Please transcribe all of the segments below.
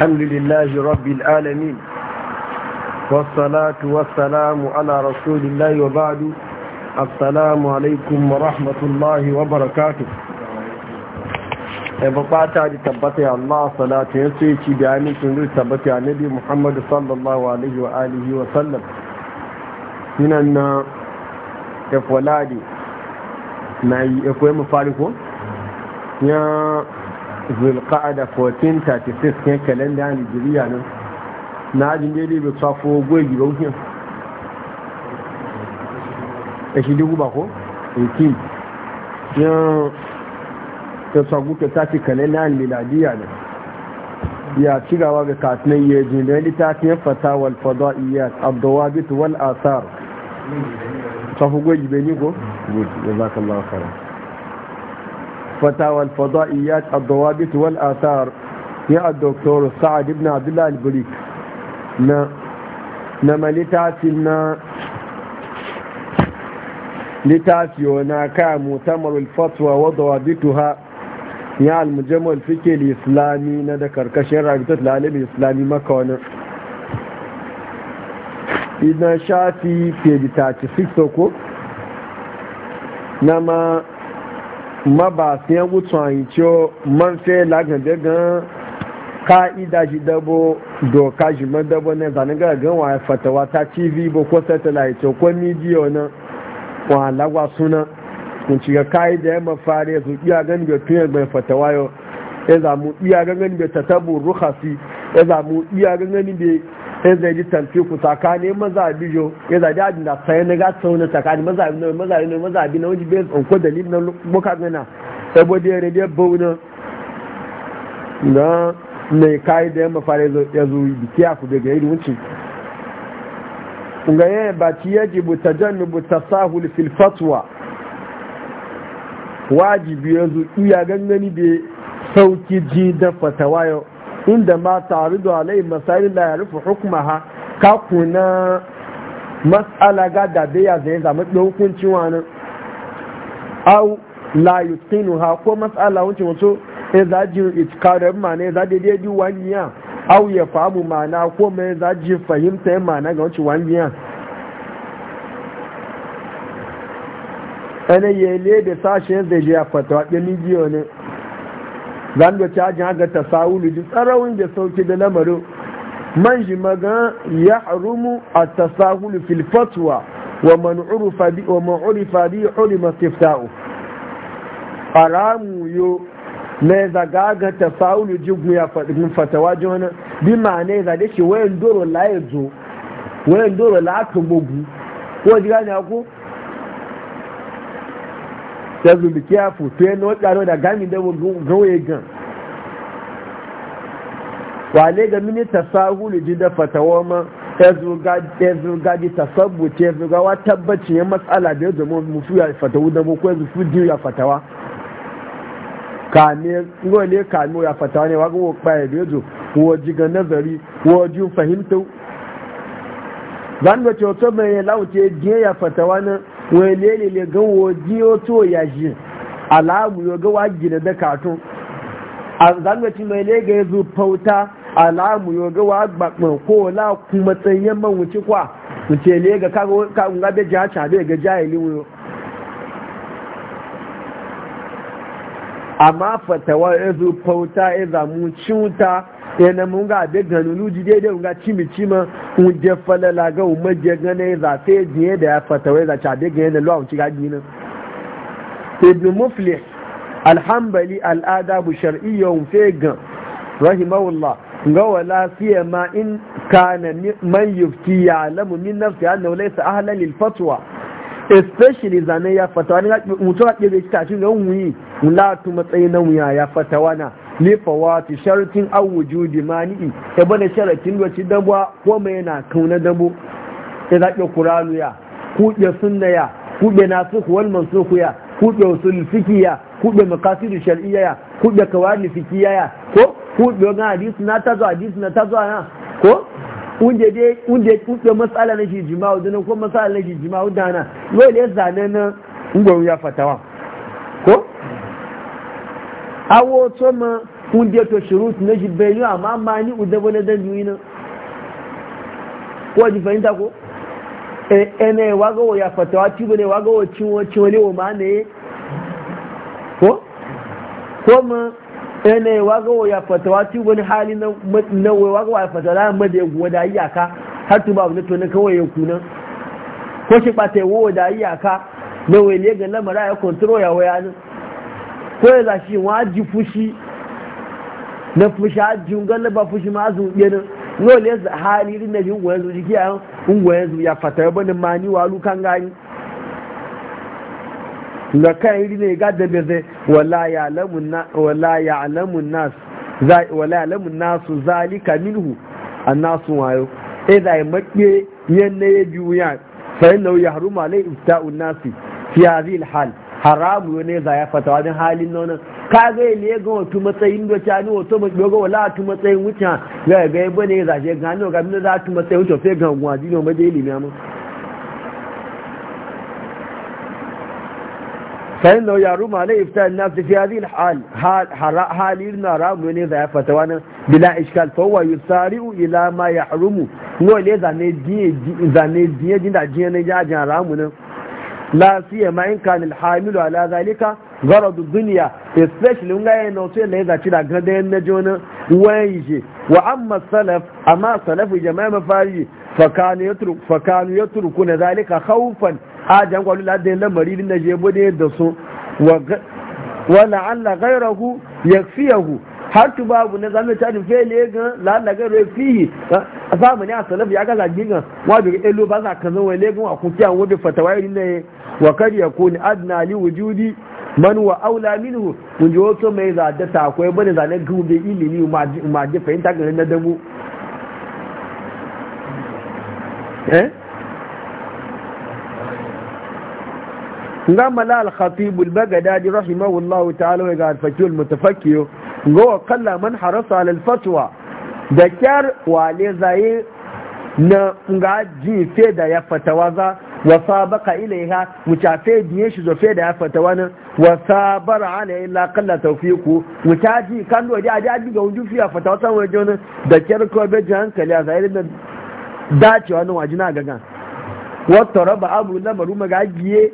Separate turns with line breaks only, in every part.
الحمد لله رب العالمين والصلاة والسلام على رسول الله وبعد السلام عليكم ورحمة الله وبركاته da tabbata ya Allah salatu ya da yamin sun zai tabbata ya nabi Muhammad sallallahu alaihi ko ya zulqa'ada 1436 ke kalenda nigeria nan na ajin daidai bai tsafo goyi ba wukin a shi dubu ba ko? 18 yin ta tsaguta ta tafi kalenda miladiya nan ya ci gaba ga katinan ya ji da littafin fata wal fada'iyat abdawabit wal asar tsafo goyi bai ni ko? ya za ka فتاوى الفضائيات الضوابط والآثار يا الدكتور سعد بن عبد الله البريك na na malitafin na litafiyo na ka mutamarul fatwa wadda wa bituha ya almujammal fikil islami na da karkashin rabitat lalibin islami maka wani idan shafi page ko na ma ma ba su yan wutu hanyo man fe lagabe gan ka'ida shi dabo doka shi man dabo ne zanen ga gan wa fatawa ta tv bo ko satellite ko midiyo na wa lagwa suna kun ci ga ka'ida ya mafare su iya gani bai tuyar bai fatawa yau ya zamu iya gani bai tatabu ruhasi ya zamu iya gani be. sai zai ji tamfiku tsakanin mazabi jo ya zaji adin da sayan na gasa wani tsakanin mazabi na mazabi na mazabi na wajen bai tsanko dalil na muka gana saboda da ya da bauna na mai kayi da yamma fara ya zo biki a kudu ga irin wuce ga yaya ba ci yaji buta jannu buta sahul fil fatwa wajibi ya zo iya gangani da sauki ji da fatawa yau inda ma tarudu alai masail la yarufu hukmaha ka kuna mas'ala ga da bai ya zai zama da hukuncin wani au la ha ko mas'ala wancin wato ya zaji itikarin ma ne za daidai ji waniya au ya famu mana ko mai zaji fahimta ya mana ga wancin waniya ana yele da sashen zai je ya fatawa ɗin ne zan da cajin haka ta sa'ulu ji tsarawin da sauki da lamarin man shi maga ya harumu a ta sa'ulu fil fatwa wa man'uri fadi uli mastifta'u haramu yo na zaga ga ta sa'ulu ji guya fadin fatawa ji wani bi ma ne zade shi wayan doro la ya zo wayan doro la aka gugu ko ji gane ko just be careful to no tsaro da gami da gawaye gan wale ga mini tasahulu ji da fatawa ma ezu gaji tasabbuce ezu ga wa tabbacin ya matsala da ya zama musu ya fatawu da ko yanzu su ji ya fatawa ne ngole kame ya fatawa ne wago wo kpaye da yazo wo ji ga nazari ko ji fahimta zan ga cewa mai lauce je ya fatawa nan. wele ne ga gan woji oto ya ji alamu yo ga waji da da katun a zanwaci mai le ga yazo pauta alamu yo ga wagba ko la kuma tsayen man wuci kwa wuce le ga ka ka ga da ja cha be ga jahili wo amma fatawa yazo fauta ya zamu cinta yana mun ga abe ganunu ji daidai mun ga cimi cima mun je falala ga umma je gane za sai jiye da ya fata wai za ta abe gane da lawan ciga gina ibn muflih alhambali al'adabu shar'iyya fe gan rahimahullah ga wala ma in kana man yufti ya'lamu min nafsi annahu laysa ahlan lil fatwa especially zane ya fatawa ne mutum a ɗebe shi tashin ga wuyi wula tu matsayi na wuya ya fatawa na lifawati sharatin awuju wujudi mani'i ya e bane sharatin wacce dabuwa ko mai yana kauna dabo e Ya zaɓe kuranu ya kuɗe sunna ya kuɗe nasuku wal mansuku ya kuɗe usul fiki ya kuɗe makasidu shar'iyya ya kuɗe kawani fikiya ya ko kuɗe wani hadisu na tazo hadisu na tazo na ko wunde de wunde kuɗe matsala na shi jima'u dana ko matsala na shi jima'u dana wai ne zane na ngwaru ya fatawa awo to ma kun je to shurut na jibbelu amma ma ni uda wani dan yuyi na ko ji fahimta ko ene e wago ya fatawa ci bane wago ciwo ciwo ne o ma ne ko ko ma ene wago ya fatawa ci bune hali na na wago ya fatawa ma da goda iyaka har tu ba wani to ne kawai ya kuna ko shi ba ta wo da iyaka na wele ga lamara ya control ya waya ne ko ya zashi wa ji fushi na fushi a ji galaba fushi ma zuwa yana no le za hali rin da jingo yanzu jiki a ungo yanzu ya fata ba ni mani wa lukan gani da yi ne ga da zai, wala ya lamun nasu wala ya lamun nas nasu wayo sai da ya makke yanayi biyu ya sai nau ya haruma lai ibta'un nasi fi hadhihi hal haramu ne za ya fata wajen halin nonon ka ga ne ga wato matsayin doka ne wato ba ga wala tu matsayin wuce ga ga ba ne za je gano ga min za tu matsayin wuce sai ga gwaji ne ma da ilimi amma sai da ruma malai ifta na fi hadhihi hal halin haramu ne za ya fata wani bila iskal fa huwa yusari'u ila ma yahrumu ne za ne diye za ne diye da jiye ne haramu nan la siyama in kan alhamilu ala zalika gharadu dunya especially nga yayin da sai lai ci da gada yan naji wani wayi je wa amma salaf amma salafu jama'a mafari fa kanu yatruk fa kanu yatruku na zalika khawfan a jan kwalu la da lamari din naje bude da su wa wa la'alla ghayrahu yakfiyahu har babu na zalunta da fele ga la'alla ghayrahu fihi a zamani a salaf ya gaza gina wajen ɗan lo ba za ka zama legun a kuki an wabi fatawa irin ne wa kar ya ni adina li wujudi man wa aula minhu kun ji wato mai zada ta akwai bane zane gumu bai ilimi ma ji fahimta garin na damu eh ngama la al-khatib al rahimahu allah ta'ala wa ga al-fakih al-mutafakkih ngo qalla man harasa ala al-fatwa da kyar wale zaye na nga ji fe da ya fatawa za wa sabaka ilaiha mutafe biye shi zo fe da ya fatawa nan wa sabara ala illa qalla tawfiqu mutaji kan do da da ga wuju fiya fatawa san waje nan da kyar ko be ji hankali a zahiri da dacewa nan wajina gaga wata raba abu lamaru magagiye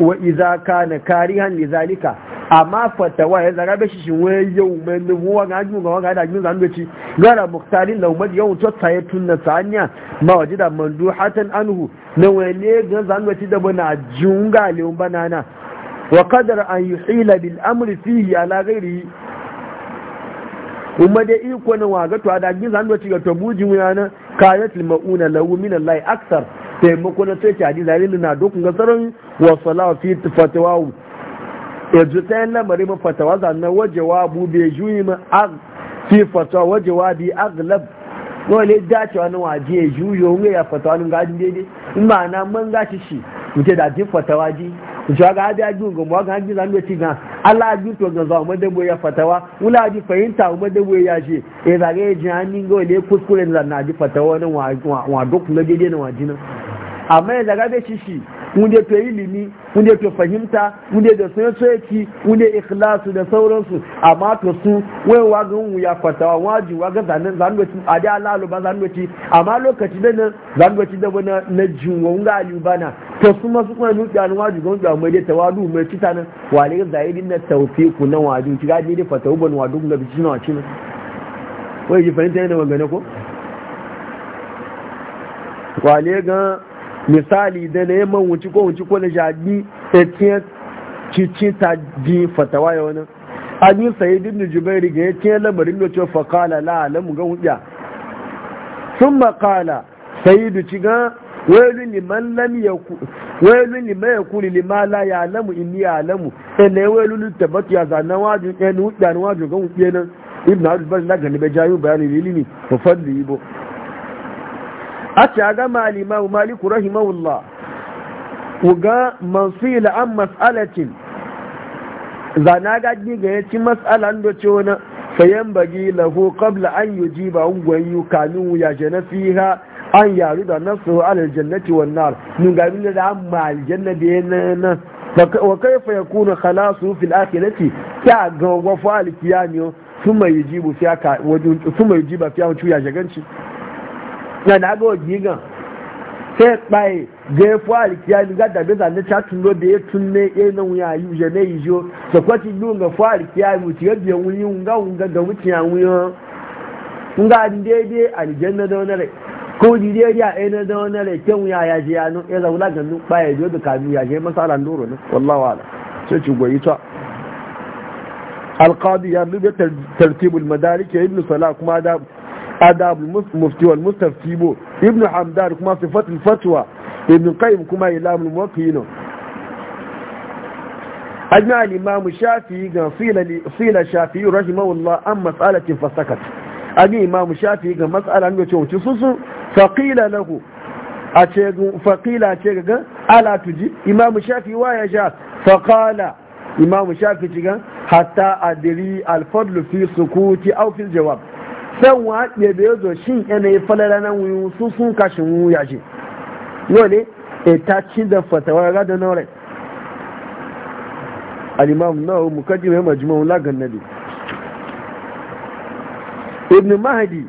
wa iza kana karihan li zalika amma fatawa ya zarabe be shishin we yau mai ne wa ga ga ga da ju zan doci gara muktarin da umar yau to tayi tunna sanya ma wajida manduhatan anhu ne we ne ga zan doci da bana junga le banana wa kadar an yuhila bil amri fihi ala ghairihi umar da iko na waga to da ju zan ga to bujin yana kayatul mauna law min allahi aksar. taimako na sai cadi zalili na dukkan gasarin wasu fi fatawa ji ta yin lamari ma fatawa zanna wajewa bu bai juyi ma fi fatawa wajewa bi aglab wale dacewa na waje ya juyo wunga ya fatawa nun gajin daidai in ma na man gashi shi mutu da ji fatawa ji mutu ga hadi aji ga mu ga hadi zanu ci gan Allah aji to ga zawo madabo ya fatawa wula ji fahimta madabo ya je ya zage ji hanin ga wale kuskure da na ji fatawa na wa wa duk na daidai na wajina amma ya zaga bai shi wunde to ilimi wunde to fahimta wunde da sun soyaki wunde ikhlasu da sauransu amma to su wai wa ga mu fatawa waji wa zanen, zanen zanwaci a da Allah ba zanwaci amma lokaci da nan zanwaci da bana na jinwa ga alubana to su masu kuma nu a waji gon da mai da tawadu mai kitanan wale zaidin na tawfiku na waji kiga gadi da fatawu ban wadu ga na wa na, wai ji fahimta ne magana ko wale ga misali da na yamman wuce ko wuce ko na jaɗi etiyar cici ta ji fatawa ya wani abin yi sayi dinnu jubairi ga ya tiyar lamarin da ce fakala la ga hujja sun makala sayi da ci ga wailu liman lam ya wailu liman ya kuli lima la ya alamu in ya alamu sai na yi wailu littabat ya zana wajin ɗan hujja na waju ga hujja nan ibn abdul bari na gani bai jayu bayani lilini fa fadli ibo a ce a gama alimamu maliku rahimahullah uga mansila an mas'alatin zana gaji ga yaci mas'alan da ce wani sayan bagi lahu kabla an ji ba ungwan yi kanu ya je na fiha an yaru da nasu alal jannati wan nar nun ga bin da amma aljanna da yana na wa kaifa yakunu khalasu fil akhirati ta ga ta fa al kiyamiyo suma ji fiya ka wajin suma fiya wuce ya shaganci na na ga oji gan se pai e, ge fo efu ki ni ga dabe za ne chatun no de tun ne e na wuya yi je ne yi jo so kwa ti dunga ki alikiya mu ti ga biya e wuni nga nga ga wuti ya wuyo nga de de aljanna da wani re ko di de e ya e na da wani re ken wuya ya je anu e za wula ga nu pai jo da ka mi ya je masala ndoro ne wallahi wala so ci goyi ta alqadi ya lube ترتيب المدارك ابن صلاح كما da adab mufti wal mustafti bo ibnu hamdan kuma sifatul fatwa ibnu qayyim kuma ilamul muwaqqi'in أجمع الإمام الشافي قال صيل الشافي رحمه الله أم مسألة فسكت أجمع الإمام الشافي قال مسألة عنه تشوص فقيل له فقيل أتشيغ ألا تجي إمام الشافعي ويجا فقال إمام الشافي حتى أدري الفضل في سكوتي أو في الجواب san wa ɗebe ya zo shin yanayi falala nan wuyu su sun kashin wuya ce yau ne e ta ci da fatawar gada na al'imam nawa mu kaji mai majimawun lagan nabi ibn mahadi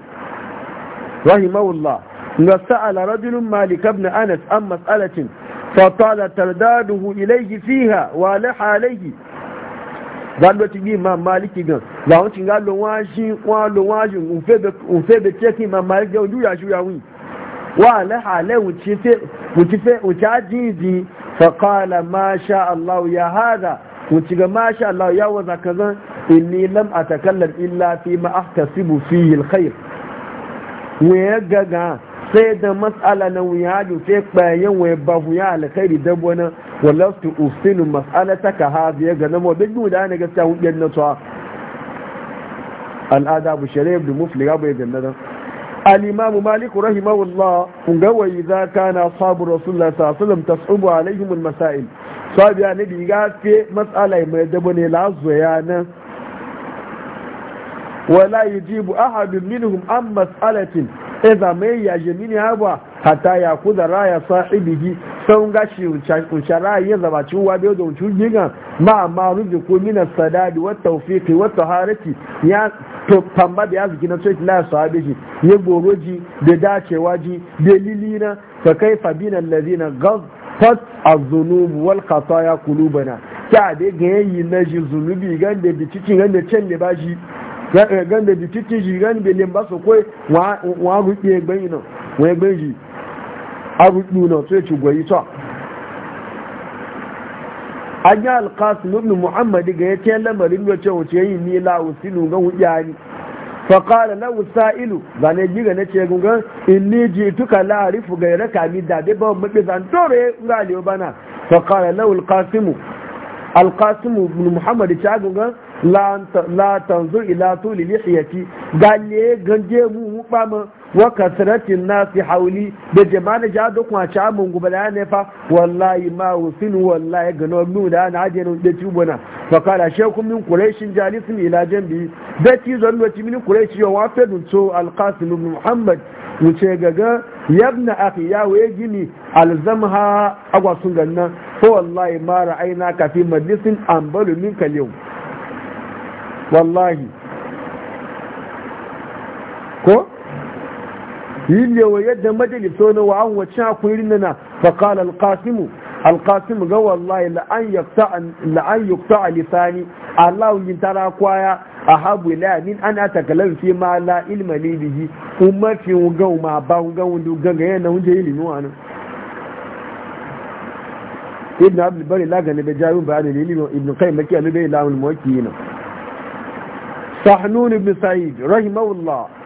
rahimahullah ga sa'ala rajulun malik ibn anas an mas'alatin fa tala tardaduhu ilayhi fiha wa laha alayhi zalo ti bi imam maliki gan làwọn ti ń ga lo wọn ṣí wọn lo wọn ṣí òǹfẹ́ bẹ kí maliki gan ojú yàṣu yàwìn wọn àlẹ́ àlẹ́ òtí àjíǹdì fọ̀kànlá masha allah ya hada òtí ga masha allah ya wọ́n zakazan inni lam atakallam illa fi ma ahtasibu fi alkhair wọ́n gaga sai da mas'ala na wuya sai bayan wọ́n ba wuya alkhairi dabbo na walastu usilu ya gana ga namo da guda ne gaskiya hujjar na tsawa al'ada bu shari'a ibn mufli ga bai ganna al-imam malik rahimahullah kun ga za ka na sabu rasulullah sallallahu alaihi wasallam tas'ubu alaihim al-masail sabi ne diga fe matsala mai dabo ne la lazoya nan wala yujibu ahadun minhum an mas'alatin idza mai ya jamini haba hatta yakuza raya sahibihi sun gashi unshara ya zaba cewa bai da wucin gigan ma amma rubi ko minar sadadi wata tawfiqi wata haraki. ya to famba da yaziki na sai su sahabi shi ya goroji da dacewa ji da lilina fa kaifa bina allazina ghafat a zunubu wal khataya qulubana ta da ga yi na ji zunubi ganda da cikin ganda can da bashi ganda da cikin ji ganda da limba so koi wa ruke gbayin nan wani gbayin arudu na sai ce gwayi ta an yi alkasin ibn muhammadu ga ya ce lamarin da ce wuce yi ni la usinu ga wujani fa qala la usailu zane jiga na ce gungan ni jituka tuka la'arifu ga raka kami da be ba mu bi zan dore ga aliyu bana fa qala la alqasim alqasim ibn muhammad ta gungan la la tanzu ila tuli lihiyati galle ganje mu mu ba mu wa kasratin nasi hauli da jama'a ja da kuma cha mun guba da ne fa wallahi ma usin wallahi ga mu da na je nun da tubuna fa kala shekum min quraishin jalisun ila jambi da ti zan wa ti min yo wa wafadun to alqasim ibn muhammad wuce gaga yabna akhi ya waye gini alzamha agwa sun ganna fa wallahi ma ra'ayna ka fi majlisin ambalu min yau wallahi ko Yin yilewa yadda majaliso na wa wa'an wacce akwai rinana faƙal alƙasimu alƙasimu ga wallahi la'an yukta a lisani allahu yin tara kwaya a habu ila min an atakalar fi ma la ilma ne bihi umarfin gau ma ba gawun dugan ga yana wunje ilimin wani ibn abdul bari lagani da jami'in bayanin ilimin ibn kai maki alubai lamun mawaki yana sahnun ibn sa'id rahimahullah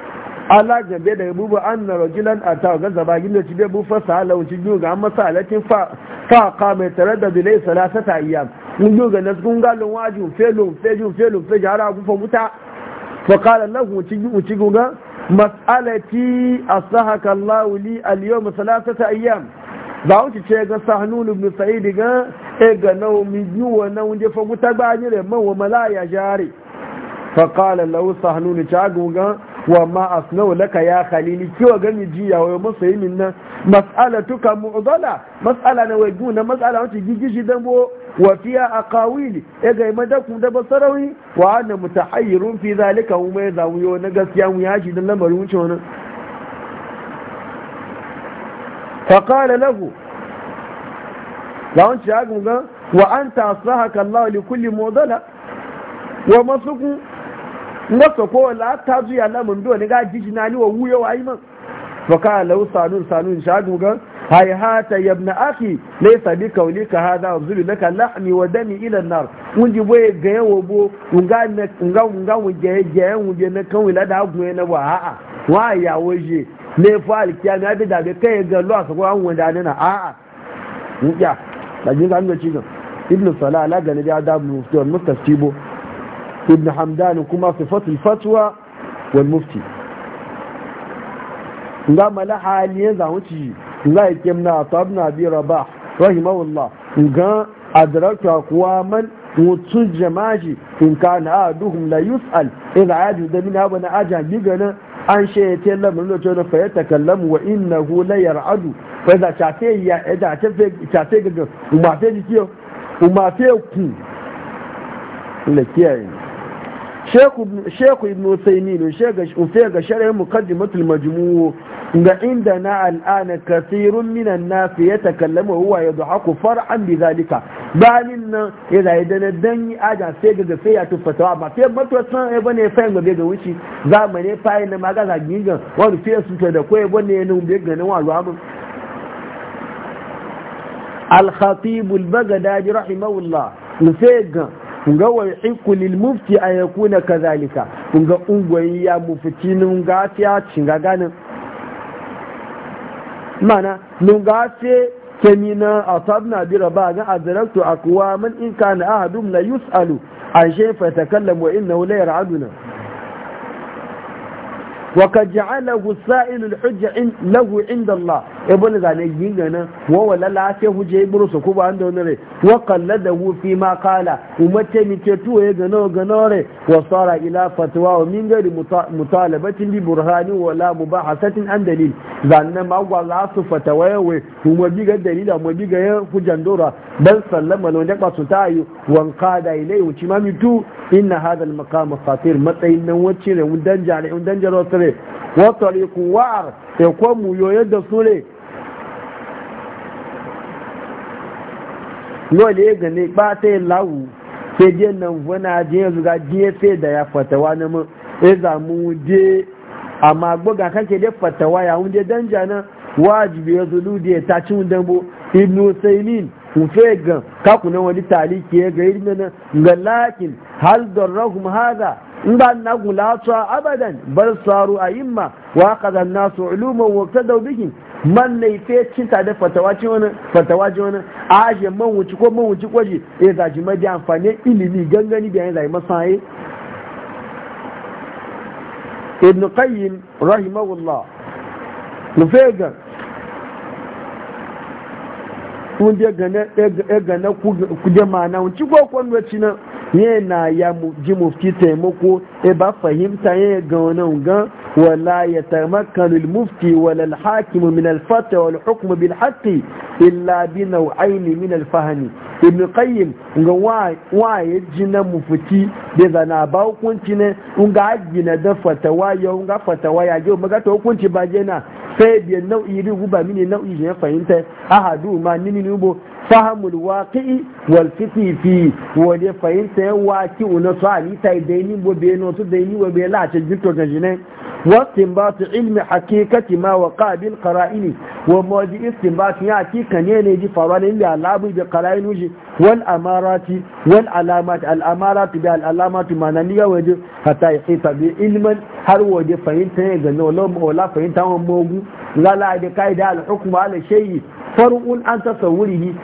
ala jambe daga bubu an na rajulan a ta ga zaba gina ci bai bufa sahala wuce biyu ga masa alatin fa mai tare da bilai salasa ta iya mun biyu ga nasu kun galon wajin felon fejin felon fejin har agufa wuta fa kala lahu wuce biyu wuce ga mas'alati asahaka Allah li al-yawm salasata ayyam ba wuce ce ga sahnun ibn sa'id ga e ga nau mi wa na wunje fa muta ba ni re man wa malaya jari? fa qala lahu sahnun ta ga wa ma asnau laka ya khalili kiwa gani jiya wa masoyi min nan mas'alatuka mu'dala mas'ala na wai guna mas'ala wacce gigishi dan bo wa fiya aqawili e ga madaku da basarawi wa ana mutahayyirun fi zalika huma ya zawiyo na gaskiya mu yashi dan lamarin wuce wannan fa qala lahu lawan ci agun ga wa anta asrahaka Allah li kulli mu'dala wa masukun nga soko la ta zuya na mun wani ga jiji na ni wa wuyo wa iman fa ka law sanun sanun shadu ga hay hata ya ibn akhi laysa bi qawlika hadha uzlu laka lahmi wa dami ila an-nar unji boye ga yawo bo nga nga nga wuje je wuje na kan wila da gun na wa a wa ya woje ne fa na abi da kai ga lo asako an wanda na a'a ya da jin ga mu ci ga ibn salah la ga ne da da mu to ibn hamdani kuma sifatul fatwa wal mufti nga mala haliyan za wuci nga yakem tabna bi rabah rahimahullah nga adraka kuwa man mutu jamaji in kana aduhum la yus'al idha aju da min haba na aja gigana an shayyace lamarin da cewa fa ya takallamu wa innahu la yar'adu fa da chafe ya da eh, chafe chafe gaga umma fe umma fe ku le kiyaye sheku ibn usaimin ufe ga shari'ar mukaddimatul majmu'u ga inda na al'ana kasirun minan nafi ya takallama huwa ya duhaku far'an bi zalika bayanin nan ya zai da na dan yi aja sai ga gafe ya tuffatawa ba fiye mato san ya bane fayin gabe ga wuce zamane fayin na maga ga gingan wani fiye su da ko ya bane ya nun bai ganin wa ruwa mun al-khatib al-baghdadi rahimahullah ufe ga kunga wa yuhiqqu lil mufti a yakuna kadhalika kunga ungwayi ya mufti nun gafiya cinga ganin mana nun gafe kemina asabna bi rabaga adraktu aqwaman in kana ahadum la yusalu an shay fa yatakallamu wa innahu la yar'aduna وقد جعله sa'ilul الحجة lahu, 'inda Allah ibn zane gingana wa wala la sai huje ibru su kuba wani ne wa kallada hu fi ma qala mi tuwa ya e gano gano re wa tsara ila fatuwa wa min gari mutalabatin bi burhani wala mubahasatin an dalil zanna ma gwa za su fatawa e we kuma biga dalila mu ya e hujan dora dan sallama lo da ta yi wan qada ilai wuci ma mitu inna hadal maqam khatir matsayin nan wacce ne dan jare dan jaro sare wa wa'ar ya ko mu yoyar da sure lole ga ne ba ta yi lawu sai je nan vana je yanzu ga sai da ya fatawa na mu ya zamu je amma gboga kake dai fatawa ya hunde danja nan wajibi ya zulu da ya taci dambo ibnu usaimin kufe gan kaku na wani taliki ya gairi nan ga lakin hal darrahum hada in ba na gulata abadan bar saru a yimma wa kaza nasu uluman wa ta daubikin man na ife cin tare fatawa wani fatawa wani a ajiye man wuci ko man wuci kwaji ya zaji maji amfani ilimi gangani da ya zai masaye ibn qayyim rahimahullah nufegan kun je gane e gane ku je mana wuci ko kon wuci na yana ya mu ji mufti taimako e ba fahimta ya ga wannan gan ولا يتمكن المفتي ولا الحاكم من الفتى والحكم بالحق إلا بنوعين من الفهم ابن القيم waye jina mufuti da zana ba hukunci ne unga gina da fatawa ya unga fatawa ya ga maga to hukunci ba jena sai bi nau'i ri guba mini nau'i ya fahimta ahadu ma nini ni bo fahamul waqi'i wal fiti fi wa da fahimta ya waqi una so ali ni واستنباط علم حقيقة ما وقع بالقرائن وموجه استنباط يأتي كان ينجي اللي علابي بقرائن وجه والأمارات والعلامات الأمارات بالعلامات معنانية وجه حتى يحيط بعلما هل وجه فإنتهي غنو لهم ولا فإنتهي موجه لا لا دي قايدة الحكم على شيء far'un an tasawurihi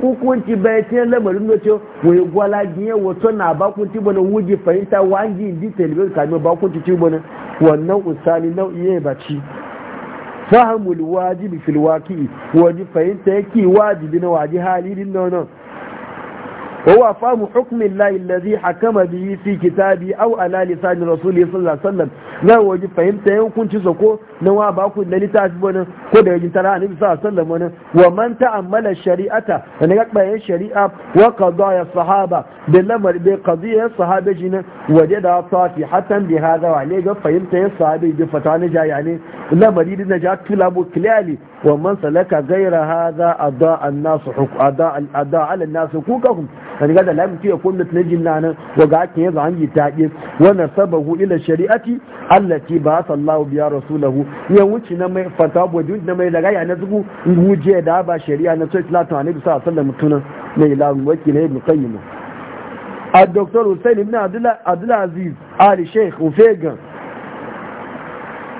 hukunci bai ce lamarin da ce wai gwala biye wato na bakunci bane wuji fahimta wangi indi talibin kame bakunci ci bane wannan usali nau'i ya baci fahimul wajibi fil waqi fahimta yake wajibi na waji halilin nan هو فهم حكم الله الذي حكم به في كتابه او على لسان رسول الله صلى الله عليه وسلم لا وجه فهمت يكون تسكو نوا باكو لن تعجبنا كود يجب ترى النبي صلى الله عليه وسلم ومن تأمل الشريعه ان قد الشريعه وقضى الصحابه الصحابة بقضيه الصحابه جنا وجد صافحة بهذا وعليه فهمت دي الصحابة بفتوى يعني lamari da ja bo clearly wa man salaka gaira hadha ada an nasu huk ada al ada ala nas hukukum kan ga da lamu ce ko da tunajin nan wa ga ke yanzu an yi taƙe wa nasabahu ila shari'ati allati ba sallahu biya rasulahu ya wuce na mai fata din na mai daga ya na zugu wuje da ba shari'a na sai tilatu annabi sallallahu alaihi wasallam tunan mai lamu ibn qayyim الدكتور doktor بن ibn abdullah abdullah aziz ali شيخ ufegan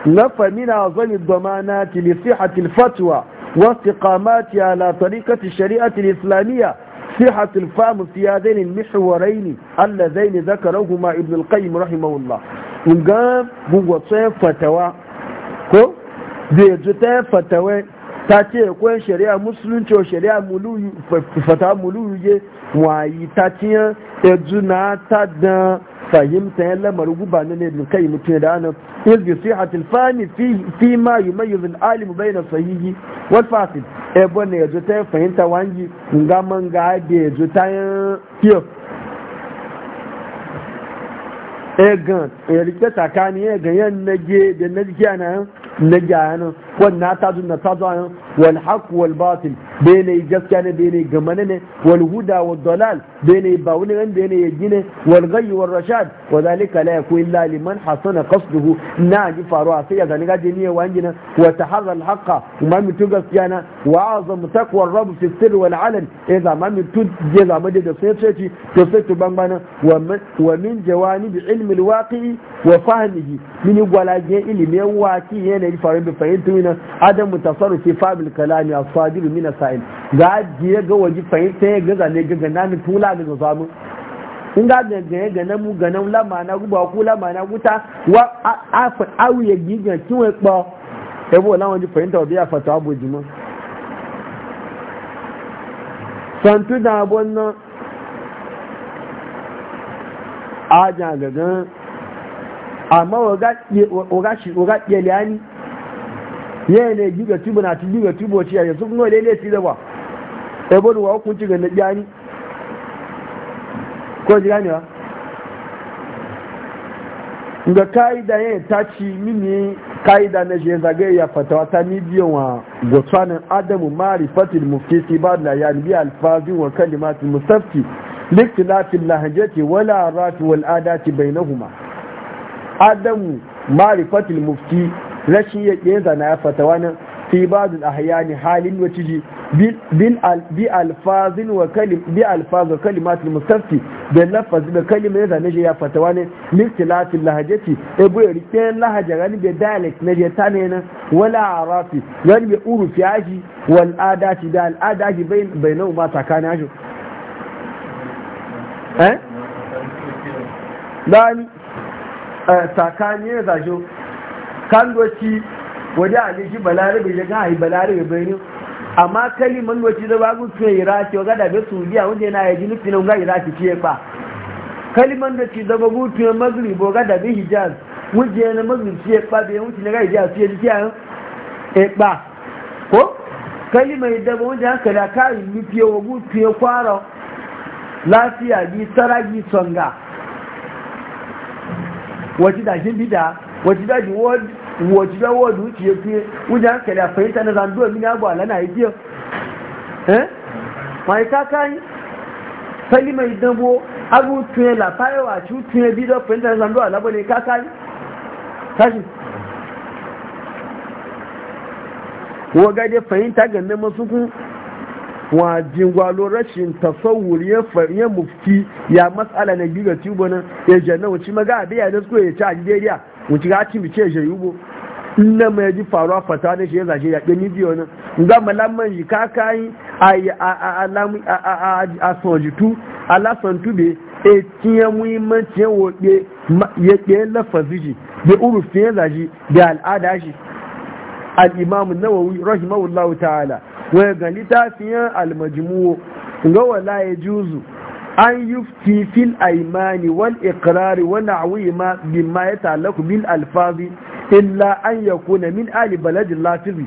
نفى من أعظم الضمانات لصحة الفتوى واستقاماتها على طريقة الشريعة الإسلامية صحة الفام في هذين المحورين الذين ذكرهما ابن القيم رحمه الله قام هو فتوى ko zai ji ta fatawa ta ce kwan shari'a ملوية wa shari'a fata muluyu ye wayi ta fahimta ya lamar guba na nebin kai mutum da anan il bi hatin fani fi yi ma yumayyiz alimu alim na sahihi wani fasid ebo bonne yazo ta fahimta wangi nga man ga be ta yi e egan e rike takani egan yan nage da nage yan nage ana wannan ta zuna ta zo wal haq wal batil bene gaskiya ne bene gamane ne wal huda wal dalal bene bawuni ne bene yajine wal ghayy wal rashad wa la yakun illa liman hasana qasduhu na ji faruwa sai ya gani gaje ne wangina wa taharra al haqa ma gaskiya na wa azam taqwa rabb fi sirr wal alan idza ma mutu je zama da sai sai to sai to wa min jawani bi ilmi al waqi wa fahimihi min gwalaje ilimi wa ki yana faru da fahimtu min adam mutasarrufi fa'il kalami as-sadir min sa'il ga je ga waji fahimta ya ga zane ga gana mi tula ga zamu in ga ga ga ga na mu ga na lama na guba ku lama na guta wa afa awiye gigan kpa. po ebo la waji fahimta wa obi afata abojima santu da abon nan ajan gagan amma waga liyani ya yi ne giga tubu na giga tubu wace yanzu, su kuma su yi da ba ebe wa hukunci ga naɗiya ni ko ji ba ga ka'ida yin ta ci mini ka'ida na shi zagaye ya fatawa ta biyan wa gotsanin adamu mari fatil mufti ba da ya bi alfazin wa kalimatin mustafti liktilafin lahajati wala rafi wal adati bainahuma adamu marifatul mufti rashin ya ƙeza na ya fatawa wani fi ba'd al halin wa tiji bi alfazin wa kalim bi alfaz wa mustafi da lafaz da kalima da ne ya fata wani mistilat al-lahajati e bu rike lahaja gani da dialect na je ta ne wala arafi gani uru urufi aji wal adati da al bai bain bainahu ma takana ajo eh Eh, tsakaniyar zasho kan doci waje a jiki balarabe ya kan balarabe bai ne amma kaliman doci da babu su ya iraki wa gada bai a wajen na ya ji nufi na ga iraki ce ba kaliman doci da babu su ya mazuri wa gada bai hijaz wanda na mazuri ce ba bai yi wuce na ga hijaz ce jiki a ba ko kalimai da wajen haka da kayan nufi wa gutu ya kwara lafiya bi saragi songa wace dashin bida wace daji wace da wadu wuce ya fiye wujen haka da fahimta na zanduwa mini abuwa lana ya biyo eh mai kakai sali mai dabo abu tuye la fayewa ci tuye bido fahimta na zanduwa labo ne kakai tashi wa gaje fahimta ganin masu kun wajin gwalo rashin tasawur ya mufti ya matsala na giga tubo nan ya janna wuci maga abin ya da ya ci a nigeria wuci ga cin bice je yubo ma mai ji faruwa fata ne shi ya zashe ya ɗani biyo nan ga malaman yi kakayi a sojitu a lasan tube e tiye muhimmanci ya woɗe ya ɗe lafazi shi da urufin ya da al'ada shi al'imamu nawawi rahimahullahu ta'ala wai ga littafiyan almajmuwo ga wala ya juzu an yufti fil aimani wal iqrari wa na'wi ma bimma yata'allaqu bil alfazi illa an yakuna min ali baladi latibi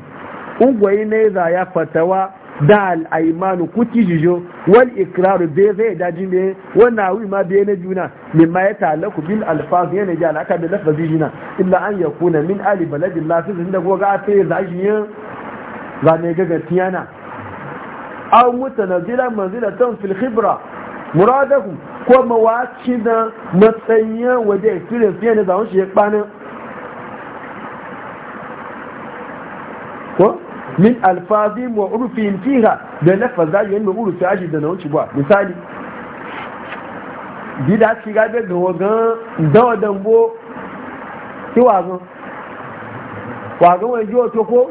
ugwayi ne za ya fatawa da al'aimanu kuki jijo wal ikraru bai zai daji ne wannan awi ma bai na juna min ma ya talaku bil alfazi yana ji alaka da lafazi juna illa an yakuna min ali baladin lafiz inda goga ta za zaji yin za ne gaga tiyana aw mutanazilan manzilatan fil khibra muradahu ko mawaci da matsayin waje experience yana da shi ya kwana ko min alfazi wa urfin fiha da lafaza yin da urufi aji da nauci ba misali Gida ci gabe da wagan dawa dambo ki wagan wagan wani jiwa ko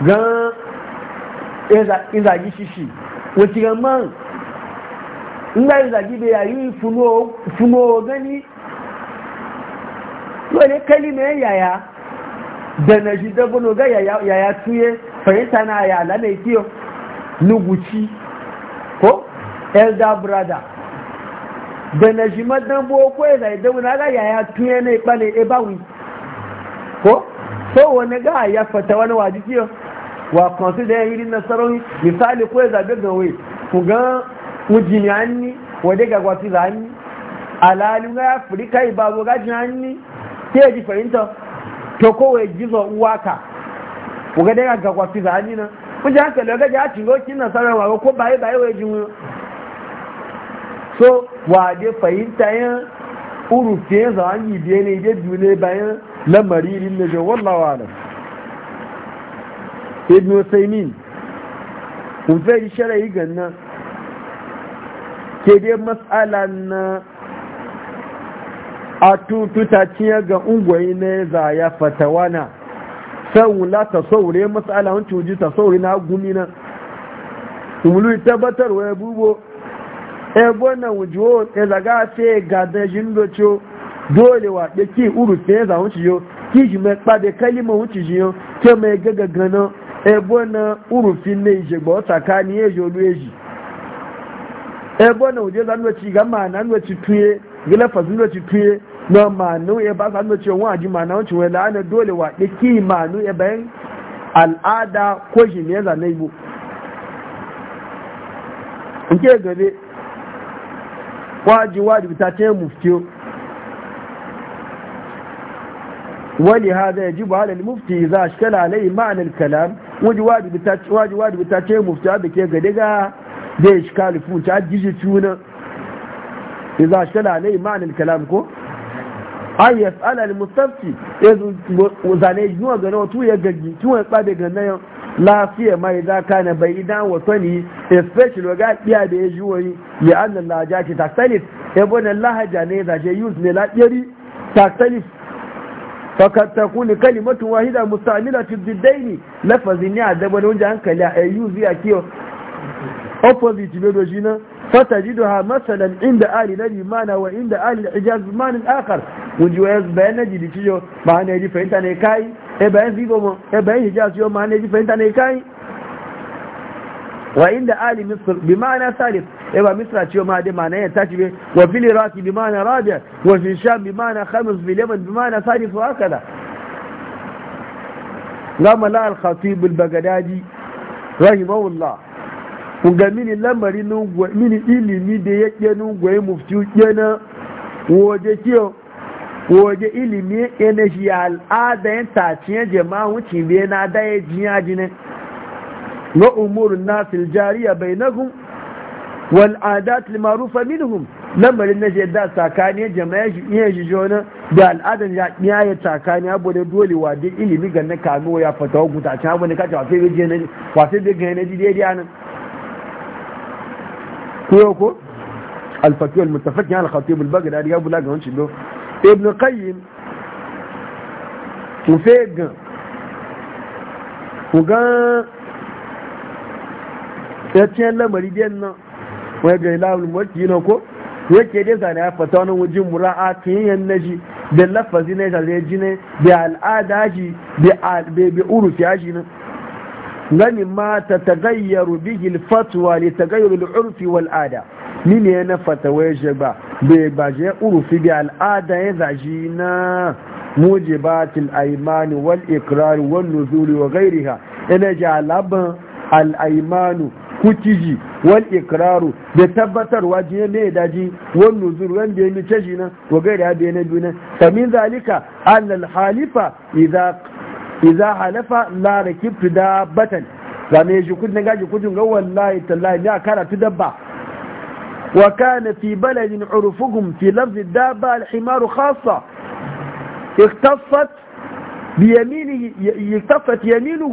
gan izagi shishi wacce gan man in ga izagi bai yayi funo gani wani kalima ya yaya da na shi dabbono ga yaya tuye fahimta na yala mai kiyo nuguci ko elder brother da na shi madambo ko ya zai dabbono ga yaya tuye na ikpale ebawi ko so wani ga ya fata wani wajikiyo wa consider irin nasarori misali ko ya zabe ga wai ku ga wujin yanni wade ga gwati zanni alalun ya afirka ba zo ga janni ke ji fahimta to ko wai gizo uwaka ku ga daga ga gwati zanni na kun ji hankali ga ja cin gokin nasarar wa ko baye bai wai jin so wa de fahimta yan urufe zanni biye ne je dule bayan lamari ne da wallahi ibn usaimin kun fai shara'i ganna ke dai matsala na a tututa ciye ga ungwayi na za ya fatawana saula ta saure matsala wancan wuji ta saure na gumi na tabbatar wa e e da dole wa ki uru ebe na urufin na ije gba ọtaka ni eji olu eji ebe na uje za nnochi ga ma na nnochi tuye gilafas nnochi tuye na ma ya ba sa nnochi onwa aji ma na wuce wani dole wa ɗiki ma nu ya bayan al'ada ko shi ne na igbo nke gabe kwaji wa dubita ce muftiyo ولهذا يجب على المفتي إذا أشكل عليه معنى kalam. Waji wajibi ta ce mufti da ke gade ga da ya shi kalifu ta jiji tunan ya za shi tala ne imanin kalam ko ai ya tsala da mustafi ya zane yi zuwa gano tu ya gaggi tun ya tsada ga yau lafiya mai za ka na bai idan wato ne especially ga ɗiya da ya ji wani ya annan lajaki ce taksalif ya bane lahaja ne yi yi ne lafiyari taksalif fakat takuni kalimatu wahida mustamilatu biddaini lafazi ni adabu ne wanda hanka la ayu ziya kiyo opposite ne do jina fatajidu ha masalan inda ali nabi mana wa inda ali ijaz man akhar wuji wa bayana ji dijo mana ji fa ne kai e bayan zigo mo e bayan ijaz yo mana ji fa ne kai wa inda ali misr bi mana salif ewa misra ce ma de mana yin tashi wa fil iraki bi mana rabi wa fil sham bi mana khamis bi laban bi mana sadis wa kada gama la al khatib al bagdadi rahimahu kun ga mini lamari nun gwa mini ilimi da yake nun gwa yi mufti yana waje kiyo waje ilimi yana shi al'ada yin tashiyar jama'a wuce bai na da daya jiya jinai na umuru nasir jariya bai nagun wal adat li ma'rufa minhum lamarin na da tsakani jama'a shi iya shi al'adan ya iya ya dole wa ilimi ga kano ya fata guta can abu ne kace wa sai ne wa sai da gane ko ko al ga ibn ya lamari wai ga ilahul mulki ne ko yake dai zane ya fata wani wajen mura'a tun yan naji da lafazi ne zane ji ne da al'ada shi da urufi ya shi ne gani ma ta tagayyaru bihi fatwa li tagayyuru urfi wal ada ni ne na fatawa ya ba bai baje urufi da al'ada ya zaji na mujibatil aimani wal ikrar wal nuzuli wa gairiha ina ji alaban al'aimanu kuciji wal ikraru da tabbatarwa je ne daji wal nuzur wanda yayi taji nan wa da ya bayyana biyu nan zalika al halifa idza idza halafa la rakibtu dabbatan zame shi kudin gaji kudin ga wallahi tallahi ya karatu dabba wa kana fi baladin urufuhum fi lafzi dabba al himaru khassa اختصت بيمينه اختصت يمينه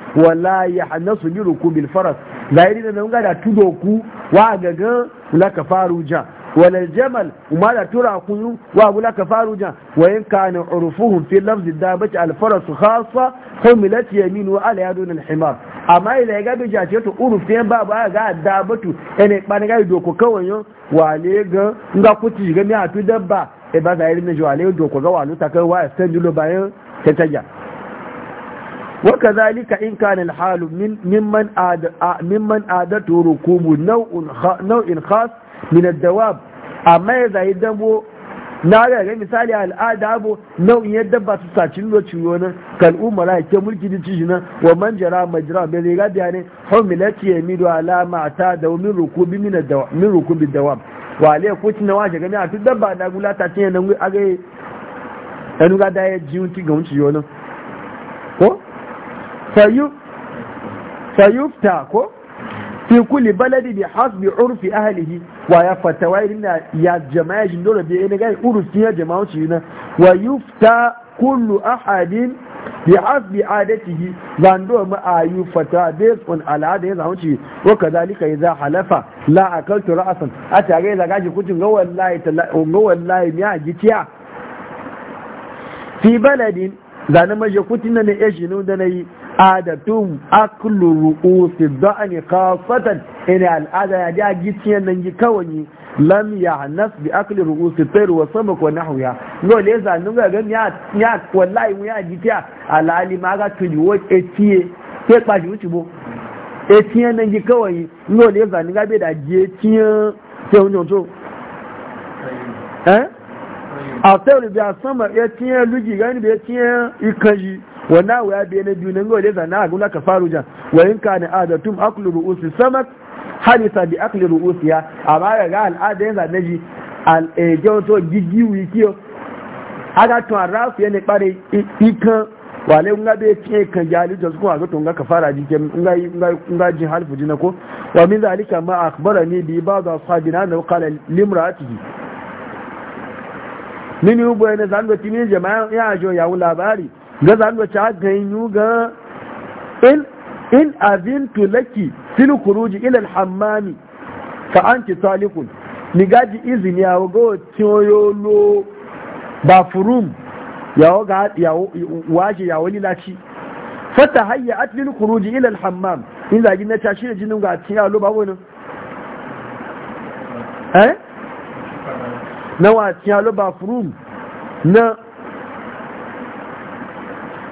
wala ya hannasu ruku rukubil faras zahiri da nunga da tudo ku wa gaga ka faru ja wala jamal umma da tura ku wa ka faru ja wa in kana urufuhum fi lafz dabati al faras khassa humilat yaminu ala yadun al himar amma ila ga bi jace to urufe ba ba ga dabatu ene bana ga doko kawai yo wale ga nga kuti ga mi tu dabba e ba zahiri ne jo wale doko ga ta kai wa sanjulo bayan tataja وكذلك إن كان الحال من ممن عاد ممن عادته ركوب نوع نوع خاص من الدواب أما إذا يدبو na ga ga misali al'ada abu nau'in yadda ba su saci nuna ciwo nan kan umara ke mulki da ciki nan wa manjara majra bai riga biya ne homilati ya mido alama ta da min rukubi min rukubi dawam wa ale ko ci na washe gami a duk dabba na gula ta cinye nan aga yi da ya ji wunci ga wunci yau nan ko fayufta ko fi kulli baladi bi hasbi urfi ahlihi wa ya fatawa irinna ya jama'a jin dole bi ne gai urfi ya jama'a shi na wa yufta kullu ahadin bi hasbi adatihi do ma ayu fatawa based on al'ada ya zama ci wa kadhalika idza halafa la akaltu ra'san a ta ga gaji kucin ga wallahi ta wallahi mi a gitiya fi baladin zanen maje kutina na ne ejinu da na yi adatun aklu ru'usi da'ani khafatan ina al'ada ya ji a giciyar nan ji kawai lam ya nas bi akli ru'usi tayr wa samak wa nahwiha no le za nun ga gan ya ya wallahi mu ya gitiya alali ma ga tuji wo etie ke pa ji uti bo etie nan ji kawai no le za nun ga be da ji etie te onyo to eh a tayr bi asama etie luji ga ni be etie ikanji wannan wa ya biya biyu nan gole zana a gula ka faru jan wa in ka ne adatum aklu ru'usi samak hadisa bi akli ru'usiya amma ga ga al'ada yanzu na ji al'ejo to gigiwi kiyo aga tun arafu yana kpare ikan Wa wale nga be ke kan jali to kuma ga tunga kafara ji ke nga nga ji halfu jina ko wa min zalika ma akhbarani bi ba'd ashabina na qala limra'atihi nini ubo ne zan ga tinin jama'a ya ajo ya labari ga zanuwa ci haka yi ga in abin laki fil kuruji ilal hammami fa ki talikun ni gaji izini ya ga wacce yolo ba furum ya ga waje ya wani laci fata hayya atlil kuruji ilal hammam in zagi na tashi da jinin ga cin yalo ba wani eh na wa tiya lo ba furum na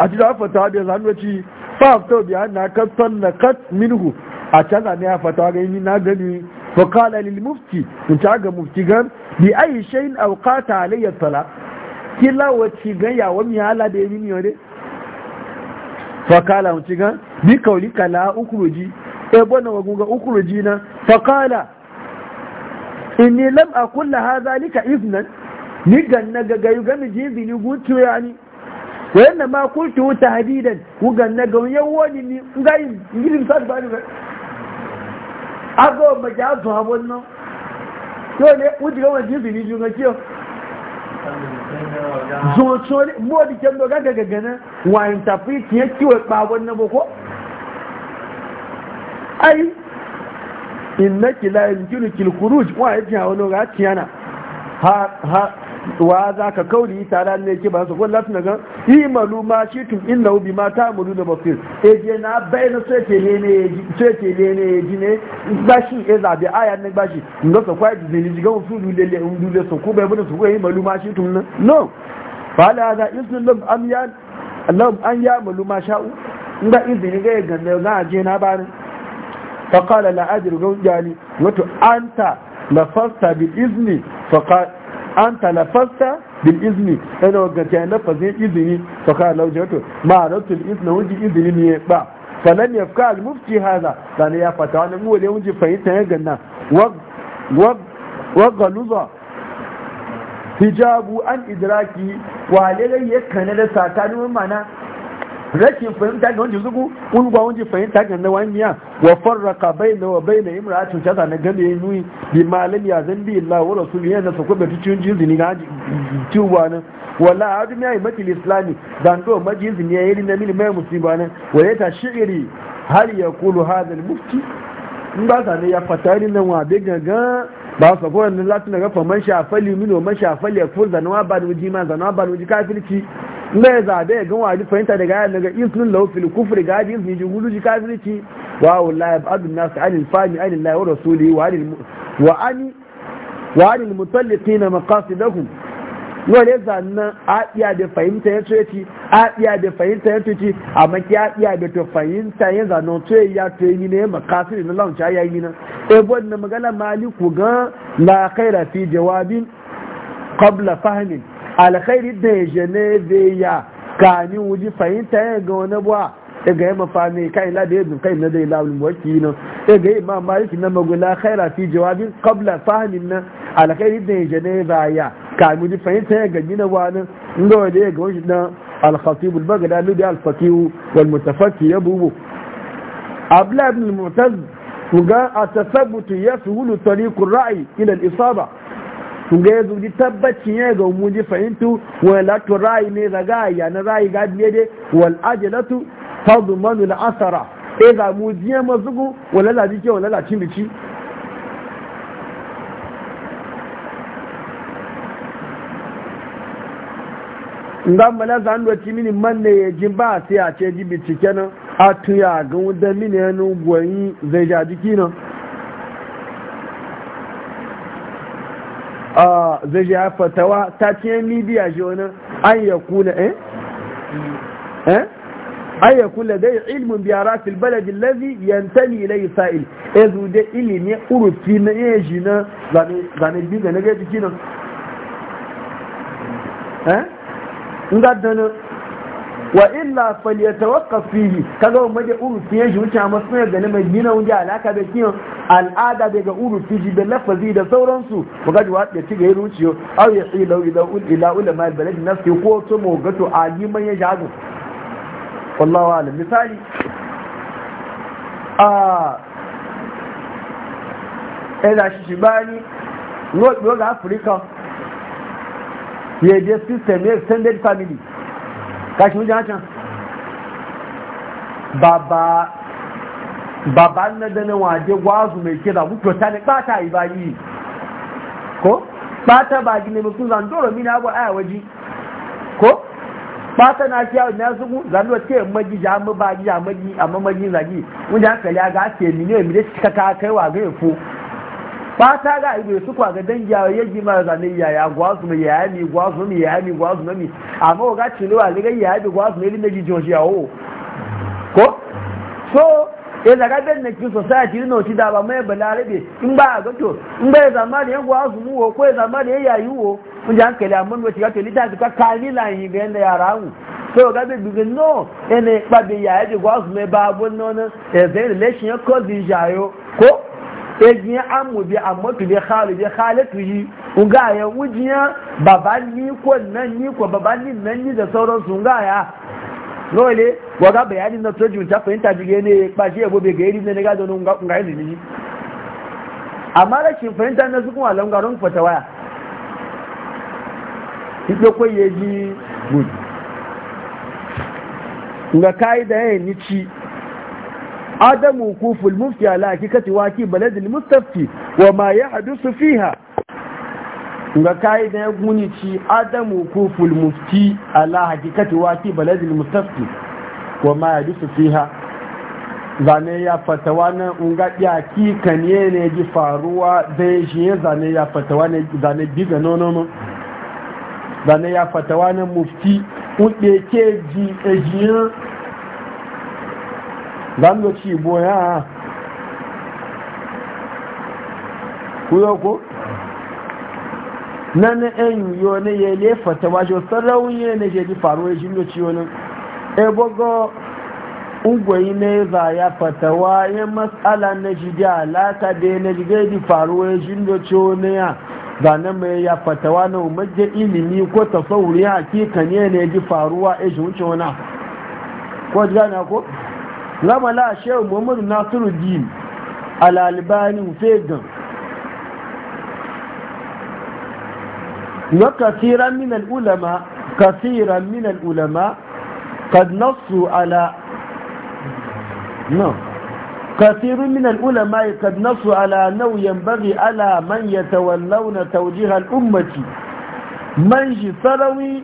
a ci da fatawa da zanu ci fa to bi anna kat sallakat minhu a can ne ya fatawa ga yi na gani fa qala lil mufti in ta ga mufti gan bi ayi shay'in awqata alayya sala kila wati gan ya wa mi hala da yi ni ore fa qala mufti gan bi kauli kala ukuruji e bona wa gunga ukuruji na fa qala inni lam aqul laha zalika iznan ni na ga gayu gani jizini gutu yani wayan da ma kulti wuta hadidan wugan na gaun yau wani ni ngai ngirin sa ba ni ba ago ma ja zo ha wonno yo ne wuti gawa ji bi ni ju ngaki yo zo so ne modi di ken do gaga gaga na wa interpret ye ki wa ba wonno bo ko ai innaki la yumkinuki al-khuruj wa yaji ha wono ga tiyana ha ha wa za ka kauli ranar ne ke ba su ko lati na ga yi malu ma shi tun inna ubi ma ta mulu da basir e je na bai na sai ke ne ne sai ke ne ne ji ne ba shi e za bi aya nan ba shi ga su kwai ji ne ji ga su dule le un dule su ku bai bu su ko yi malu ma shi tun no fa la za isnu lam am ya lam an ya malu ma sha'u ga izini ga ga na je na ba ne fa qala la ajru jani wato anta lafasta bi izni fa qala an talafasta bil izini ina waganta ya lafazin izini fa ka wato ma ratul izini wuji izini ne ba falan ya fuka al-mufti haza sani ya fata wani mu ne wuji fahimta ya ganna wa hijabu an idraki wa lalle ya kana da sakani mana rashin fahimta ga wanda zugu ungwa wanda fahimta ga na wanya wa farraka baina wa baina imra'atin kaza na game yayin nuni bi malam ya zambi illa wa rasul yana sa kuma tucin jizini na tuwa nan wala admi yi, matil islami dan do majizini yi, na mil mai musiba nan wa yata shi'ri hal yaqulu hadha al mufti in ba sa ne ya fatari nan wa be gaga ba sa ko nan latin daga faman shafali mino man shafali ya furza na ba da wuji zanwa ba da wuji kafirci mai zaɓe ya gan wajen fahimta daga yadda daga isnin laufil kufri ga hajji isnin jigudu ji kafirci wa wallahi ya abin nasu anil fami anil lahi wa rasuli wa ani wa anil mutalliki na makasi dakun wale zannan aɗiya da fahimta ya tuyaci aɗiya da fahimta ya tuyaci amma ki aɗiya da ta fahimta ya zannan tuye ya tuye ni ne makasi na launci ya yi na ebo na magana maliku gan la khaira fi jawabin qabla fahmin alkhairi da ya jene zai ya kani wuji fahimta ya ga wani buwa ya ga yamma fa ne kai la da ya kai na dai lawul waki no ya ga imam malik na magula khaira fi jawabin qabla fahmin na alkhairi da ya jene zai ya kani wuji fahimta ya ga mina wani inda wanda ya ga wani na ga khatib al-baghdadi da al-faqih wal mutafakki yabubu abla ibn al-mu'taz وقال التثبت يسهل طريق الرأي إلى الإصابة tunga ya zuji tabbacin ya ga mu ji fahimtu wani latu rai ne daga ya na rai ga biye de wal ajlatu tadmanu al asara e ga mu ji ya mazugu wani la ke wani la cimbici ngan mala zan do ci mini man ne ya ji ba sai a ce ji bici kenan a tuya ga wanda mini yanu goyi zai ja jiki nan zai ya fatawa ta ce midiya shi wani an ya kula eh eh an ya kula dai ilmin biyara fil baladin lazi yantani ilai sa'il ya zo da ilimin urufi na yin shi na zane biyu da na gaji kinan eh? in gaddanin wa illa falyatawaqqaf fihi kaga mun da urufi ya wuce masu ne da ne mai gina wunja alaka da kiyon al'ada bai ga urufi ji da lafazi da sauransu mu ga duwa da tiga ruciyo aw ya ila ila ila ulama al-balad nafsi ko to mu ga to aliman ya jago wallahu alim misali a eh, da shi bani no ga afrika ya je system extended family kashi wujen ba ba na na waje gwazu mai kira mutu ta ne bata yi ba yi ko bata ba mutu zan doro mini abu aya waje ko bata na kiya ku zan zandoro ce maji ja mu ba ji ja magi amma maji zagi wujen hankali a ga ake mini mai da cika ta kai wa ga yafo fata ga ibe su kwa ga dangi ya yaji ma ga ne ya ya gwa su ya ya ni gwa su ni ya ni gwa su ni amma ga ci lewa ga ya bi gwa su ne ji joji ya o ko so e daga ben ne ki society no ti da ba mai balarabe in ba ga to in ba e zama ne gwa su mu ko e zama ne ya yi wo mun jan kele amma no ti ga to lita ka kali la yi ga ne ya rawu so ga be bi no ene pa be ya ya gwa su me ba bo no no e be relation ko di jayo ko eji amu bi amatu bi khalu bi khalatu yi unga ya wujiya baban ni ko nan ni ko baban ni nan ni da sauran su unga ya dole waga bayani na toji ta fahimta jige ne ba shi yabo bai gairi ne ga don unga unga ne ni amma rashin fahimta na su kuma langaron fata waya ita ko yaji gudu nga kai da yayin ni ci adamu kuful mufti ala hakikati waki baladil mustafti wa ma yahdusu fiha ga kai da ya guni ci adamu kuful mufti ala hakikati waki baladil mustafti wa ma yahdusu fiha zane ya fatawa na nga ya kika ne ne ji faruwa dai shi zane ya fatawa ne zane biga nono zane ya fatawa na mufti kuɗe ke ji ajiyar e zan da ci boya ku kuyo ko na na ɗan yiwu ne ya lefa ta ba shi sarraun yi ne ke ji faruwa shi da ciwo nan ebogo ugwai ne za ya fatawa ya e matsala na shi da alaka da ya na jiga di faruwa shi da ci ne ya zane mai ya fatawa na umarje ilimi ko tasawuri ya hakika ne ne ji faruwa ya e shi wuce wana ko ji gane ko ramala shehu muhammadu nasiru din alalibani fegan وكثيرا من العلماء كثيرا من العلماء قد نصوا ala نعم كثير من العلماء قد نصوا على أنه ينبغي على من يتولون توجيه الأمة من جسروي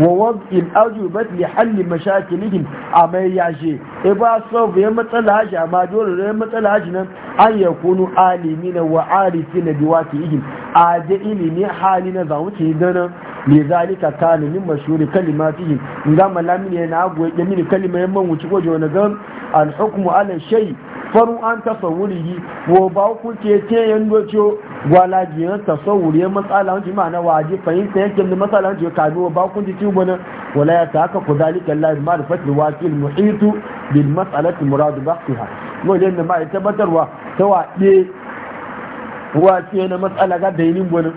ووضع الأجوبة لحل مشاكلهم أما يعجي إبا صوف يمثل هاجي أما دول يمثل هاجنا أن يكونوا عالمين وعارفين بواقعهم عاد إلمي حالنا ذاوتي دنا لذلك كان من مشهور كلماتهم نعم لمن ينعب ويجمين كلمة يمم وتقوى جوانا الحكم على الشيء faru an tasawuri yi ko ba hukunce ce yan doce wala jiyan tasawuri ya matsala wancin ma'ana waje fahimta yankin da matsala wancin kami wa ba hukunce ci gwanin wala ya taka ku zalika Allah ma da fatil wakil muhitu bil mas'alati muradu bahtiha ko da ma ya tabbatarwa ta wade wace na matsala ga dainin gwanin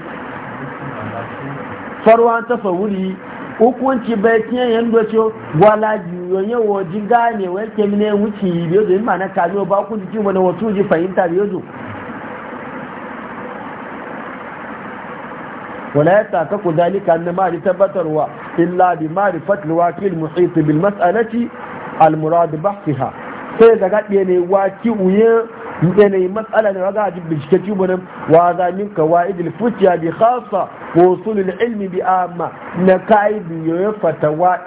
faru an tasawuri hukunci bai tiye yan doce wala jiyoyin yawo ji gane wani ke wuce yi biyo domin mana kazo ba ku ji wani wasu ji fahimta biyo zo wala ya taka ku dalika na mari tabbatarwa illa bi mari fatilwa kil muhiti bil mas'alati al murad bahtiha sai daga ɗaya ne wa ki uyen yanayin matsala da raga ajin bincike kibunan wa zamin kawaid al-futiya bi khassa wa usul al-ilm bi amma na kai biyo fatawa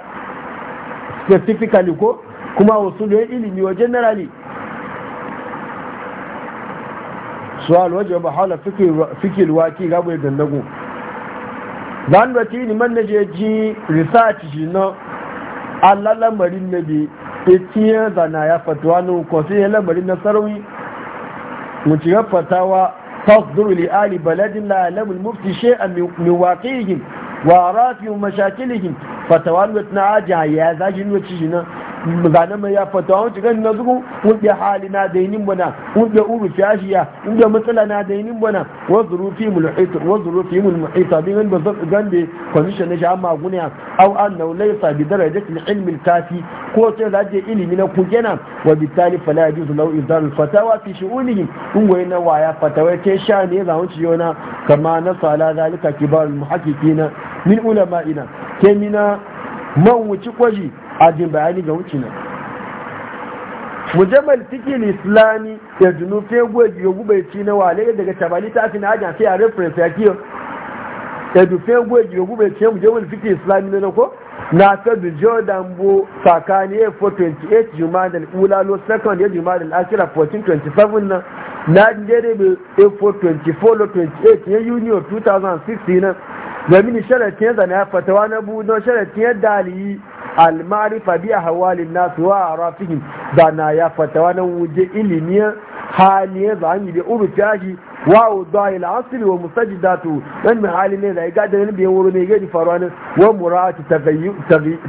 specifically ko kuma usul ilimi wa generally su'al waje ba hala fikir waki gabo da nago dan da tini man na je ji research ji na Allah lamarin nabi etiye zana ya fatuwa nun ko sai lamarin na sarwi muciyar fatawa تصدر لآل بلد لا يعلم المفتي شيئا من واقعهم وأرافهم مشاكلهم فتوالوتنا عاجها يا ذا جنوة جنا zane mai ya fata wani cikin na zuku wunde hali na da yinin bana wunde uru fiyashiya wunde matsala na da yinin bana wasu rufi mulhita wasu rufi mulhita bin wani basu gande kwamishin na sha maguniya au an na da bi na ilmin kafi ko sai za je ilimi na kugena wa bitali fala ya juzu nau'in Fata fatawa fi shi'unihim ungoyi na waya fatawa ke sha ne za wuce yona kama na sala zalika kibar muhakiki na min ina. ke mina man wuci kwaji ajin bayani ga wuce nan mujamal islami ya junu fegwe biyo na wale daga tabali ta asini ajin sai a reference ya kiyo ya du fegwe biyo gubaici ya mujamal fikil islami na ko na ta du jordan bu ya second ya akira 1427 na na lo 28 ya 2016 na ga mini sharatin ya zana ya fatawa na bu don sharatin daliyi almarifa bi ahwalin nas wa arafihim da na ya fatawa nan wuje ilimiya haliye za an yi da wa udai al-asli wa musajjidatu dan mai hali ne da ya da ne biyan wuri ne ga faruwa ne wa murati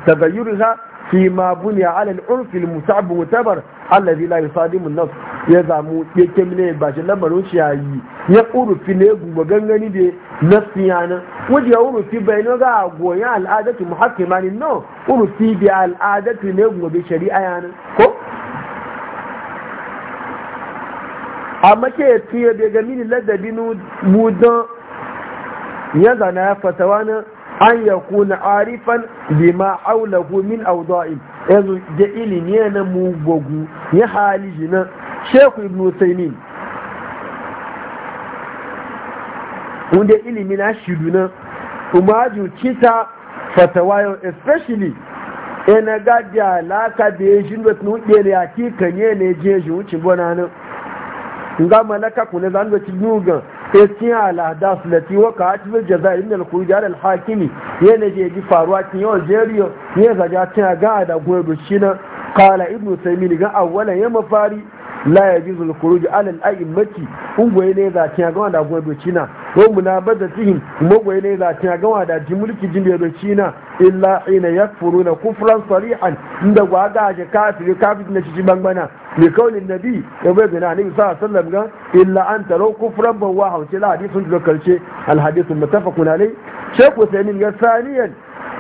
tagayyurha فيما بني على العرف المتعب المعتبر الذي لا يصادم النص ya zamu yake mine ba shi lamarin shi yayi ya urufi ne gugu gangani da nafsin yana wajen urufi bai no ga goya al'adatu muhakkima ne no urfi bi al'adatu ne gugu bi shari'a yana ko amma ke tiye bai ga mini ladabi mu don ya zana na an ya kuna arifan lima aulahu min auda'in yanzu da ilimi na na mugogu ya hali jina sheku ibn taimin wanda ilimi na shidu na kuma ju cita fatawayo especially ina ga da alaka da ya shi da tunu ɗere a kika ne ne je shi wucin gona nan ga malaka kuna zan da ci nugan cikin al'ada su lati waka hajjibin jazair min al-kurji al hakimi yana je ji faruwa cikin yawan jeriyo ne ga ja a ga da goyo da shi na kala ibnu taymin ga awwalan ya mafari la yajuzu al-kurji ala al-a'immati ungoye ne ga tana ga da goyo da shi na ko munabada tihim magoyi ne za ta gawa da ji mulki jin da ci na illa ina yakfuru na kufran sarihan inda gwa ga ji kafiri kafiri na ci bangbana mai na bi ya bai gina annabi sallallahu alaihi wasallam gan illa an taro kufran ban wa hauce la hadisun da karshe al hadithun alai shaykh usaymin ya saniyan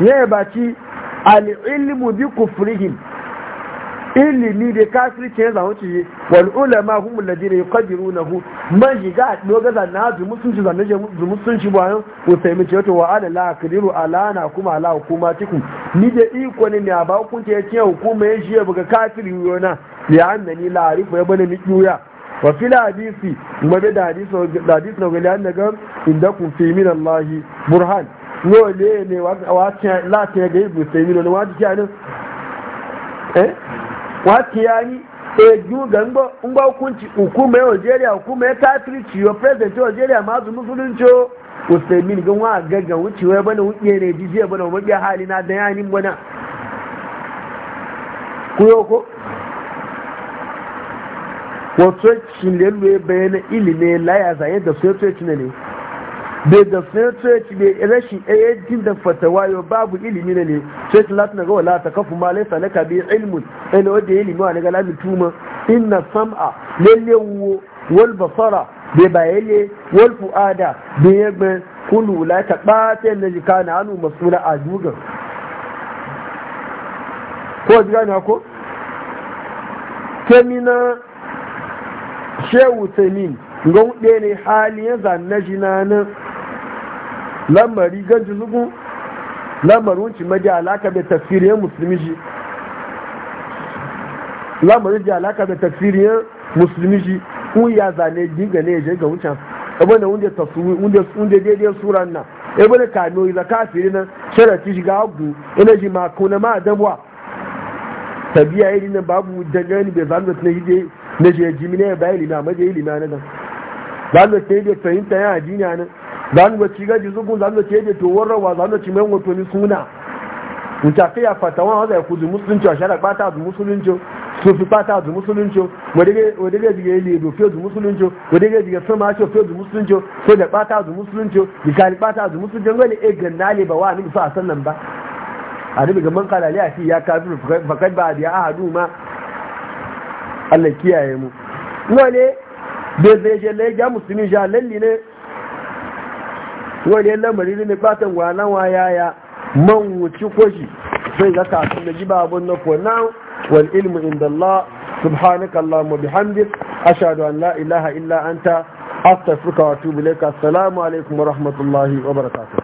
ya baci al ilmu bi kufrihim ilimi da kafirci ya zawo ciye wal ulama hum alladhina yuqadirunahu man yiga doga zan na zu musunci zan je zu musunci bayan ko sai mu ce to wa ala la kadiru ala na kuma ala hukumatikum ni da iko ne ne ba kun ce ce hukuma ya shi buga kafiri yona li annani la arifu ya bane ni kiya wa fil hadisi kuma da hadisi da hadisi na gali an daga indakum fi min allah burhan ne ne wa ta la ta ga ibu sai min wani wajibi anan eh wati yani ejuga ngba hukunci hukume Algeria hukume ya kafirci yo president Algeria ma su musulunci usaimin gan wa gaggan wucewa bane wuce ne jijiya e, bane mabiya hali na da yanin mbona kuyo ko wato cin lelwe e, bayan ilime laya zaye da su yato ya ne bai da ci bai rashin ayyankin da fatawa yau babu ilimi ne sai ta na ga wala ta kafu ma laisa laka bi ilmun ina wadda ya ilimi wa daga lamin tuma inna sam'a lalle wuwo, wal basara bai bayele wal fuada bai yagbe kulu la ta bata na jika na anu masula a dugan ko jira ne ko kemina shehu tamin ga ne hali ya zanna jina nan lamari ga zugu lamarin wuce maji alaka da tafsiriyar musulmi shi lamari ji alaka da tafsiriyar musulmi shi kun ya zane dinga ne ya ga wuce abu da wunde tasiri wunde daidai suran nan ebe da kano yi zaka firi nan sharafi shiga agu ina ji ma kuna ma dabuwa tabiya iri nan babu dangane bai zanu da hije na je jimina ya bayi lima maje yi lima nan zanu da yi da fahimta ya ajiya nan zanu ci gaji zubun zanu ci yadda towar rawa zanu ci mai wato ni suna mutafi a fatawan haza ya kuzi musulunci a shara bata da musulunci su fi bata da musulunci wadda ga jiga yi lebo fiye da musulunci wadda ga jiga sama ake fiye da musulunci sai da bata da musulunci kari bata da musulunci wani e ganna ne ba wa ni bisa a sannan ba a ni gaban kalali a fi ya kafi fakad ba da ya ahadu ma Allah kiyaye mu wani bai zai lai ga musulmi lalli ne wani lamari ne ba ta gwanan waya ya man wuci kwashi sai ga kafin da jiba abun na for wal ilmu inda Allah subhanaka Allahumma bihamdik ashhadu an la ilaha illa anta astaghfiruka wa atubu ilaik assalamu alaikum wa rahmatullahi wa barakatuh